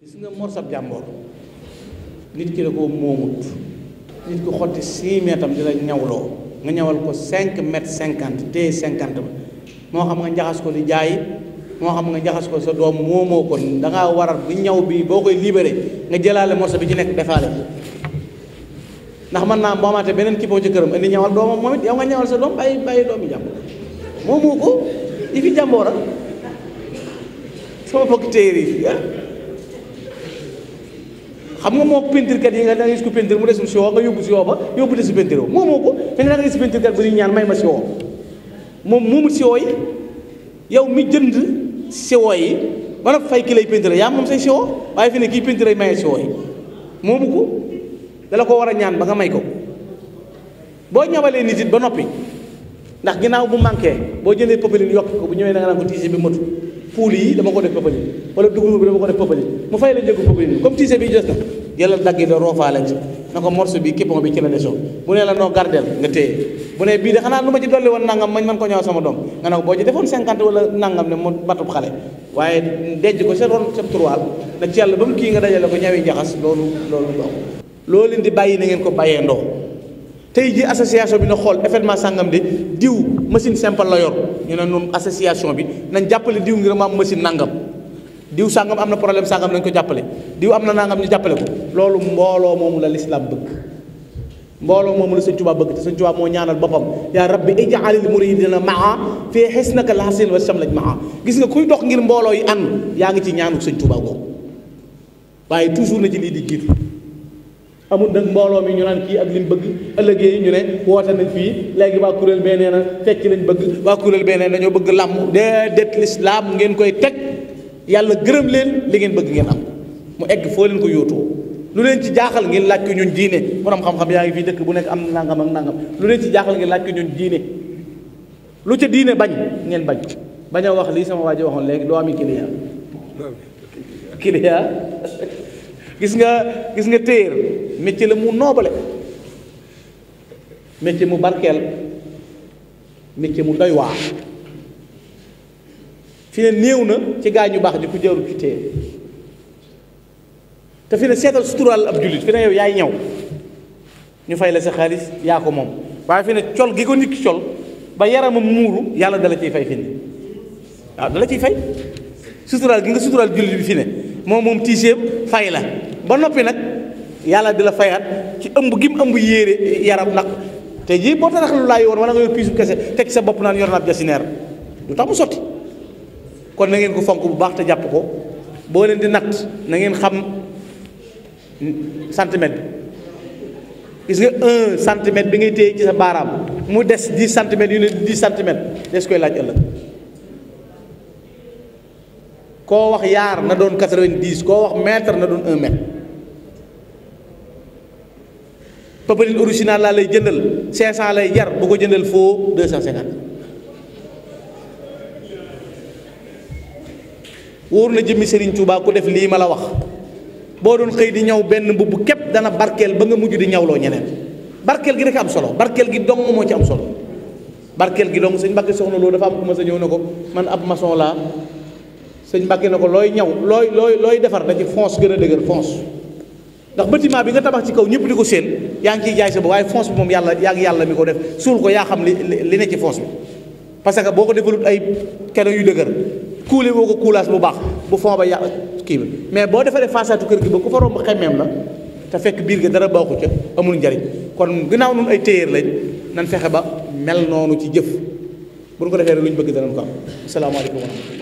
gis nga mor sab jàmboor nit ki da koo moomut nit ki xotti six mètres am di nga ñawal ko cinq mètres cinquante téye cinquante ba moo xam nga njaxas ko di jaay mo xam nga jaxas ko sa doom ko da ngaa bu ñaw bi boo koy libéré nga jëlaale morsa bi ci nekk defaale ko ndax mën naa moomaate beneen kippoo ci këram indi ñawal doomam moom it yow nga ñawal sa doom bàyyi bàyyi doom yi jàmm ko ifi fi sama bokk téere yi ah. xam nga moo peinture kat yi nga da nga gis ko mu des si nga yóbbu si ba yóbbu des si moom moo ko da nga gis peinture kat bu ñuy ñaan may ma si woo moom moomu yi yow mi jënd si yi ba nag fay ki lay yaa moom say si woo waaye fi ne kii peinture yi moomu ko dala ko war a ñaan ba nga may ko boo ñawalee nit it ba noppi ndax ginnaaw bu manqué boo jëndee popeline yokk ko bu ñëwee da nga ko tiise bi matu puul dama ko def popeline wala dugub comme jëlal dagg yi da roofaale ci na ko morceau bi képpon bi ci la desoon bu ne la noo gardeel nga téye bu ne bii de xanaa lu ma ci dolli woon nangam ma mën ko ñëw sama doom nga ne ko boo ci defoon cinquante wala nangam ne mu batub xale waaye denc ko sa ron sa turwaal na ci yàlla ba mu kii nga dajale ko ñawi jaxas loolu loolu dox loolu leen di bàyyi na ngeen ko bàyyee ndoo tey ji association bi na xool événement sàngam de diw machine simple la yor ñu association bi nañ jàppale diw ngir ma am machine nangam diw sàngam am na problème sàngam nañ ko jàppale diw am na nangam ñu jàppale ko loolu mbooloo moomu la lislaam bëgg mbooloo moomu la sëñ Tuubaa bëgg te sëñ Tuubaa moo ñaanal boppam yaa rabbi ijaalil muridina maa fii xisnaka laxsin wa samlaj maa gis nga kuy dox ngir mbooloo yi ànd yaa ngi ci ñaanu sëñ Tuubaa googu waaye toujours na ci lii di jiitu amul nag mbooloo mi ñu naan kii ak li bëgg ëllëgee ñu ne woote nañ fii léegi waa kuréel bee nee na fecc bëgg waa kuréel bee nee na dañoo bëgg làmm déedéet lislaam ngeen koy teg yalla gërem leen li ngeen bëgg ngeen am mu egg fo leen ko yoto lu leen ci jaaxal ngeen laaj ñun diine borom xam-xam yaangi fi bu nekk am nangam ak nangam lu leen ci jaaxal ngeen laaj ñun diine lu ci diine bañ ngeen bañ lek doa wax li sama waji waxon waxoon léegi doo ami client gis nga gis nga teer metti la mu noble metti mu barkel metti mu doy waar fi ne néew na ci gaa ñu baax ñu ko jarul ci téye te fi ne seetal suturaal ab jullit fi ne yow yaay ñëw ñu fay la sa xaalis yaa ko moom waaye fi ne col gi ko nit ki col ba yaramam muuru yàlla dala ciy fay fi ne waaw dala ciy fay suturaal gi nga suturaal jullit bi fi ne moom moom tiiseem fay la ba noppi nag yàlla di la fayaat ci ëmb gi mu ëmb yéere yaram nag te ji boo taraxlu laay woon wala nga yor piisu kese teg sa bopp naan yor naab jasineer du tax kon na ngeen ko fonk bu baax te jàpp ko boo leen di natt na ngeen xam centimètre bi gis nga un centimètre bi ngay téye ci sa baaraam mu des dix centimètres yu ne dix centimètres des koy laaj ëllëg koo wax yaar na doon quatre vingt koo wax mètre na doon un mètre papaline original laa lay jëndal cinq cent lay jar bu ko jëndal foo deux cent cinquante wóor na Serigne Touba ku def li mala wax bo doon xey di ñaw ben bubu kep dana barkel ba nga mujj di lo ñeneen barkel gi rek am solo barkel gi dong mo ci am solo barkel gi dong serigne mbacke soxna lo dafa am ku ma sa ñew nako ko man ab maçon laa sëñ Mbàkke na nako loy ñaw loy loy loy defar da ci fonce gën a fonce ndax bâtiment bi nga tabax ci kaw ñepp diko ko séen ngi jaay sa bo way fonce mom yalla yàlla yalla mi ko def sul ko ya xam li li ne ci fonce parce que boko ko ay keno yu dëgër kuule woo ko kuulaas bu baax bu fond ba yàq kii bi mais boo defaree façaatu kër gi ba ku fa romb xemmeem la te fekk biir ga dara baaxu ca amul njariñ kon ginnaaw nun ay téyeer lañ nan fexe ba mel noonu ci jëf bu ñu ko defee rek lu ñu bëgg danañ ko am asalaamaaleykum wa